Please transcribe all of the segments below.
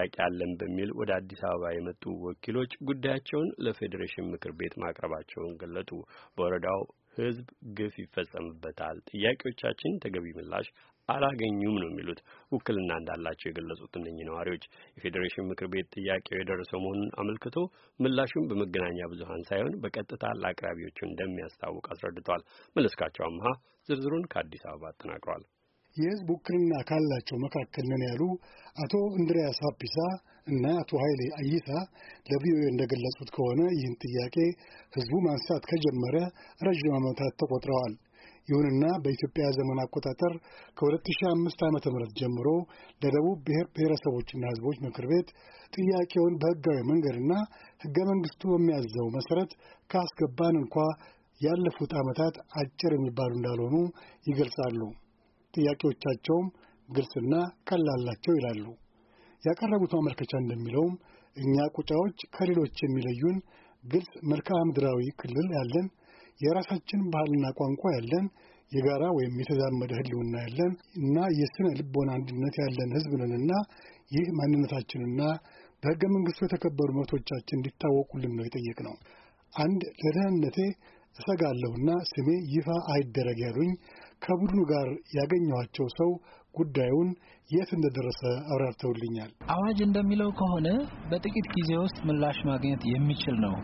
ጥያቄ አለን በሚል ወደ አዲስ አበባ የመጡ ወኪሎች ጉዳያቸውን ለፌዴሬሽን ምክር ቤት ማቅረባቸውን ገለጡ። በወረዳው ሕዝብ ግፍ ይፈጸምበታል፣ ጥያቄዎቻችን ተገቢ ምላሽ አላገኙም ነው የሚሉት ውክልና እንዳላቸው የገለጹት እነኚህ ነዋሪዎች የፌዴሬሽን ምክር ቤት ጥያቄው የደረሰው መሆኑን አመልክቶ ምላሹም በመገናኛ ብዙኃን ሳይሆን በቀጥታ ለአቅራቢዎቹ እንደሚያስታውቅ አስረድቷል። መለስካቸው አምሃ ዝርዝሩን ከአዲስ አበባ አጠናቅሯል። የህዝብ ውክልና ካላቸው መካከል ነን ያሉ አቶ እንድሪያስ ሀፒሳ እና አቶ ኃይሌ አይሳ ለቪኦኤ እንደገለጹት ከሆነ ይህን ጥያቄ ህዝቡ ማንሳት ከጀመረ ረዥም ዓመታት ተቆጥረዋል። ይሁንና በኢትዮጵያ ዘመን አቆጣጠር ከ2005 ዓ.ም ጀምሮ ለደቡብ ብሔር ብሔረሰቦችና ህዝቦች ምክር ቤት ጥያቄውን በህጋዊ መንገድና ህገ መንግስቱ በሚያዘው መሠረት ካስገባን እንኳ ያለፉት ዓመታት አጭር የሚባሉ እንዳልሆኑ ይገልጻሉ። ጥያቄዎቻቸውም ግልጽና ቀላላቸው ይላሉ። ያቀረቡት ማመልከቻ እንደሚለውም እኛ ቁጫዎች ከሌሎች የሚለዩን ግልጽ መልክዓ ምድራዊ ክልል ያለን፣ የራሳችን ባህልና ቋንቋ ያለን፣ የጋራ ወይም የተዛመደ ሕልውና ያለን እና የስነ ልቦና አንድነት ያለን ሕዝብ ነንና ይህ ማንነታችንና በሕገ መንግሥቱ የተከበሩ መብቶቻችን እንዲታወቁልን ነው የጠየቅነው። አንድ ለደህንነቴ እሰጋለሁና ስሜ ይፋ አይደረግ ያሉኝ ከቡድኑ ጋር ያገኘኋቸው ሰው ጉዳዩን የት እንደደረሰ አብራርተውልኛል። አዋጅ እንደሚለው ከሆነ በጥቂት ጊዜ ውስጥ ምላሽ ማግኘት የሚችል ነው።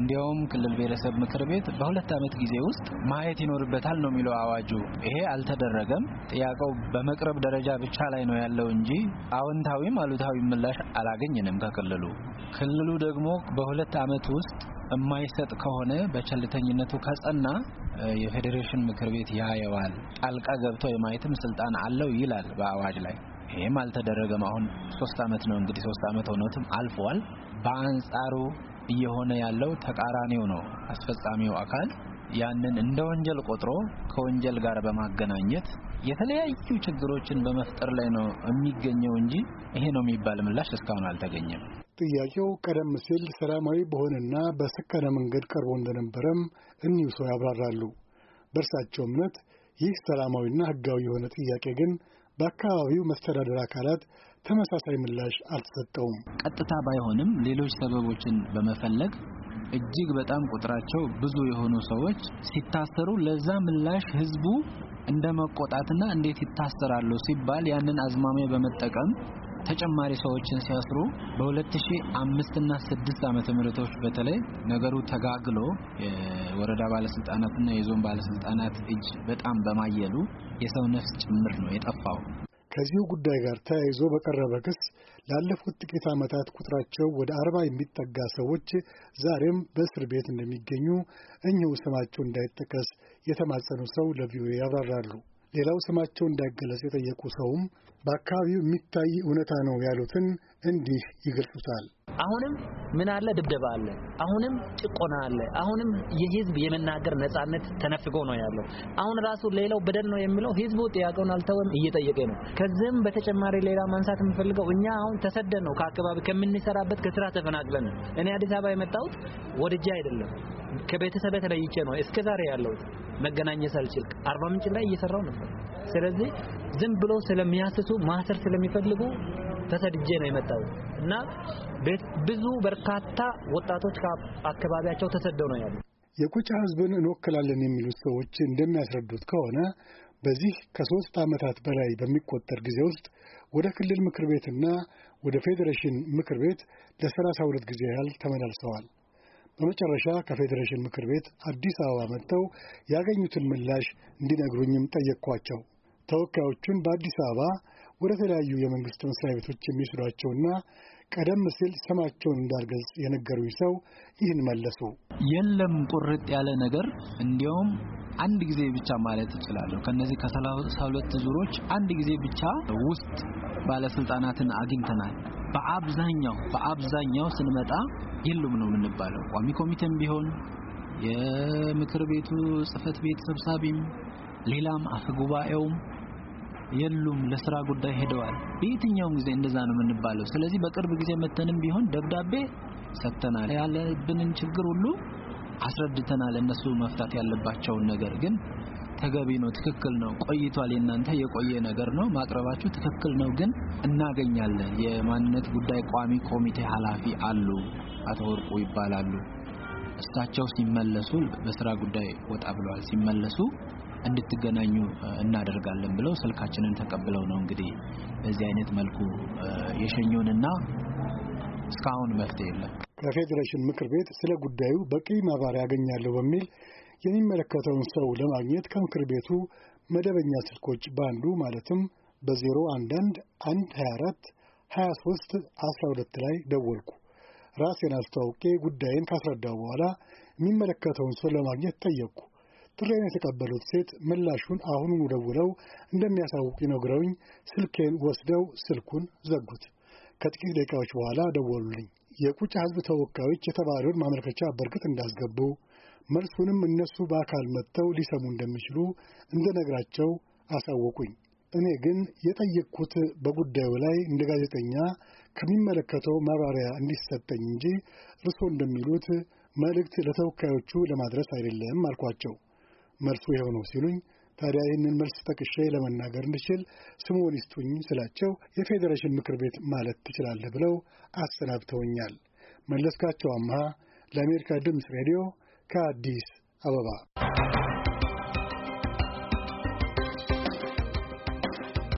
እንዲያውም ክልል ብሔረሰብ ምክር ቤት በሁለት ዓመት ጊዜ ውስጥ ማየት ይኖርበታል ነው የሚለው አዋጁ። ይሄ አልተደረገም። ጥያቄው በመቅረብ ደረጃ ብቻ ላይ ነው ያለው እንጂ አዎንታዊም አሉታዊም ምላሽ አላገኘንም ከክልሉ። ክልሉ ደግሞ በሁለት ዓመት ውስጥ የማይሰጥ ከሆነ በቸልተኝነቱ ከጸና የፌዴሬሽን ምክር ቤት ያየዋል፣ ጣልቃ ገብቶ የማየትም ስልጣን አለው ይላል በአዋጅ ላይ። ይህም አልተደረገም። አሁን ሶስት ዓመት ነው እንግዲህ ሶስት ዓመት ሆኖትም አልፏል። በአንጻሩ እየሆነ ያለው ተቃራኒው ነው። አስፈጻሚው አካል ያንን እንደ ወንጀል ቆጥሮ ከወንጀል ጋር በማገናኘት የተለያዩ ችግሮችን በመፍጠር ላይ ነው የሚገኘው እንጂ ይሄ ነው የሚባል ምላሽ እስካሁን አልተገኘም። ጥያቄው ቀደም ሲል ሰላማዊ በሆነና በሰከነ መንገድ ቀርቦ እንደነበረም እኒሁ ሰው ያብራራሉ። በእርሳቸው እምነት ይህ ሰላማዊና ሕጋዊ የሆነ ጥያቄ ግን በአካባቢው መስተዳደር አካላት ተመሳሳይ ምላሽ አልተሰጠውም። ቀጥታ ባይሆንም ሌሎች ሰበቦችን በመፈለግ እጅግ በጣም ቁጥራቸው ብዙ የሆኑ ሰዎች ሲታሰሩ ለዛ ምላሽ ህዝቡ እንደ መቆጣትና እንዴት ይታሰራሉ ሲባል ያንን አዝማሚያ በመጠቀም ተጨማሪ ሰዎችን ሲያስሩ በ2005 እና 6 ዓመተ ምህረቶች በተለይ ነገሩ ተጋግሎ የወረዳ ባለስልጣናትና የዞን ባለስልጣናት እጅ በጣም በማየሉ የሰው ነፍስ ጭምር ነው የጠፋው። ከዚሁ ጉዳይ ጋር ተያይዞ በቀረበ ክስ ላለፉት ጥቂት ዓመታት ቁጥራቸው ወደ አርባ የሚጠጋ ሰዎች ዛሬም በእስር ቤት እንደሚገኙ እኚሁ ስማቸው እንዳይጠቀስ የተማጸኑ ሰው ለቪኦኤ ያብራራሉ። ሌላው ስማቸው እንዳይገለጽ የጠየቁ ሰውም በአካባቢው የሚታይ እውነታ ነው ያሉትን እንዲህ ይገልጹታል። አሁንም ምን አለ? ድብደባ አለ። አሁንም ጭቆና አለ። አሁንም የህዝብ የመናገር ነጻነት ተነፍጎ ነው ያለው። አሁን ራሱ ሌላው በደል ነው የሚለው ህዝቡ ጥያቄውን አልተወም፣ እየጠየቀ ነው። ከዚህም በተጨማሪ ሌላ ማንሳት የምፈልገው እኛ አሁን ተሰደን ነው ከአካባቢ ከምንሰራበት ከስራ ተፈናቅለን ነው። እኔ አዲስ አበባ የመጣሁት ወድጄ አይደለም፣ ከቤተሰብ ተለይቼ ነው እስከዛሬ ያለሁት። መገናኘት ሳልችል አርባ ምንጭ ላይ እየሰራው ነበር። ስለዚህ ዝም ብሎ ስለሚያስቱ ማሰር ስለሚፈልጉ ተሰድጄ ነው የመጣው እና ብዙ በርካታ ወጣቶች አካባቢያቸው ተሰደው ነው ያሉት። የቁጫ ህዝብን እንወክላለን የሚሉት ሰዎች እንደሚያስረዱት ከሆነ በዚህ ከሶስት ዓመታት በላይ በሚቆጠር ጊዜ ውስጥ ወደ ክልል ምክር ቤትና ወደ ፌዴሬሽን ምክር ቤት ለሰላሳ ሁለት ጊዜ ያህል ተመላልሰዋል። በመጨረሻ ከፌዴሬሽን ምክር ቤት አዲስ አበባ መጥተው ያገኙትን ምላሽ እንዲነግሩኝም ጠየቅኳቸው። ተወካዮቹን በአዲስ አበባ ወደ ተለያዩ የመንግስት መስሪያ ቤቶች የሚወስዷቸውና ቀደም ሲል ስማቸውን እንዳልገልጽ የነገሩኝ ሰው ይህን መለሱ። የለም ቁርጥ ያለ ነገር እንዲያውም አንድ ጊዜ ብቻ ማለት እችላለሁ። ከነዚህ ከሰላሳ ሁለት ዙሮች አንድ ጊዜ ብቻ ውስጥ ባለስልጣናትን አግኝተናል። በአብዛኛው በአብዛኛው ስንመጣ የሉም ነው የምንባለው። ቋሚ ኮሚቴም ቢሆን የምክር ቤቱ ጽህፈት ቤት ሰብሳቢም፣ ሌላም አፈ ጉባኤውም የሉም ለስራ ጉዳይ ሄደዋል። በየትኛውም ጊዜ እንደዛ ነው የምንባለው። ስለዚህ በቅርብ ጊዜ መተንም ቢሆን ደብዳቤ ሰጥተናል። ያለብንን ችግር ሁሉ አስረድተናል። እነሱ መፍታት ያለባቸውን ነገር ግን ተገቢ ነው፣ ትክክል ነው፣ ቆይቷል። የእናንተ የቆየ ነገር ነው ማቅረባችሁ ትክክል ነው፣ ግን እናገኛለን። የማንነት ጉዳይ ቋሚ ኮሚቴ ኃላፊ አሉ፣ አቶ ወርቁ ይባላሉ። እሳቸው ሲመለሱ በስራ ጉዳይ ወጣ ብለዋል። ሲመለሱ እንድትገናኙ እናደርጋለን ብለው ስልካችንን ተቀብለው ነው እንግዲህ በዚህ አይነት መልኩ የሸኙንና እስካሁን መፍትሄ የለም። ከፌዴሬሽን ምክር ቤት ስለ ጉዳዩ በቂ ማብራሪያ አገኛለሁ በሚል የሚመለከተውን ሰው ለማግኘት ከምክር ቤቱ መደበኛ ስልኮች በአንዱ ማለትም በ011 124 23 12 ላይ ደወልኩ። ራሴን አስተዋውቄ ጉዳይን ካስረዳው በኋላ የሚመለከተውን ሰው ለማግኘት ጠየቅኩ። ጥሬን የተቀበሉት ሴት ምላሹን አሁኑኑ ደውለው እንደሚያሳውቅ ይነግረውኝ ስልኬን ወስደው ስልኩን ዘጉት። ከጥቂት ደቂቃዎች በኋላ ደወሉልኝ። የቁጫ ሕዝብ ተወካዮች የተባለውን ማመልከቻ በእርግጥ እንዳስገቡ መልሱንም እነሱ በአካል መጥተው ሊሰሙ እንደሚችሉ እንደነግራቸው አሳወቁኝ። እኔ ግን የጠየቅኩት በጉዳዩ ላይ እንደ ጋዜጠኛ ከሚመለከተው ማብራሪያ እንዲሰጠኝ እንጂ እርስዎ እንደሚሉት መልእክት ለተወካዮቹ ለማድረስ አይደለም አልኳቸው። መልሱ ይኸው ነው ሲሉኝ ታዲያ ይህንን መልስ ጠቅሼ ለመናገር እንድችል ስሙን ይስጡኝ ስላቸው የፌዴሬሽን ምክር ቤት ማለት ትችላለህ ብለው አሰናብተውኛል። መለስካቸው አምሃ ለአሜሪካ ድምፅ ሬዲዮ ከአዲስ አበባ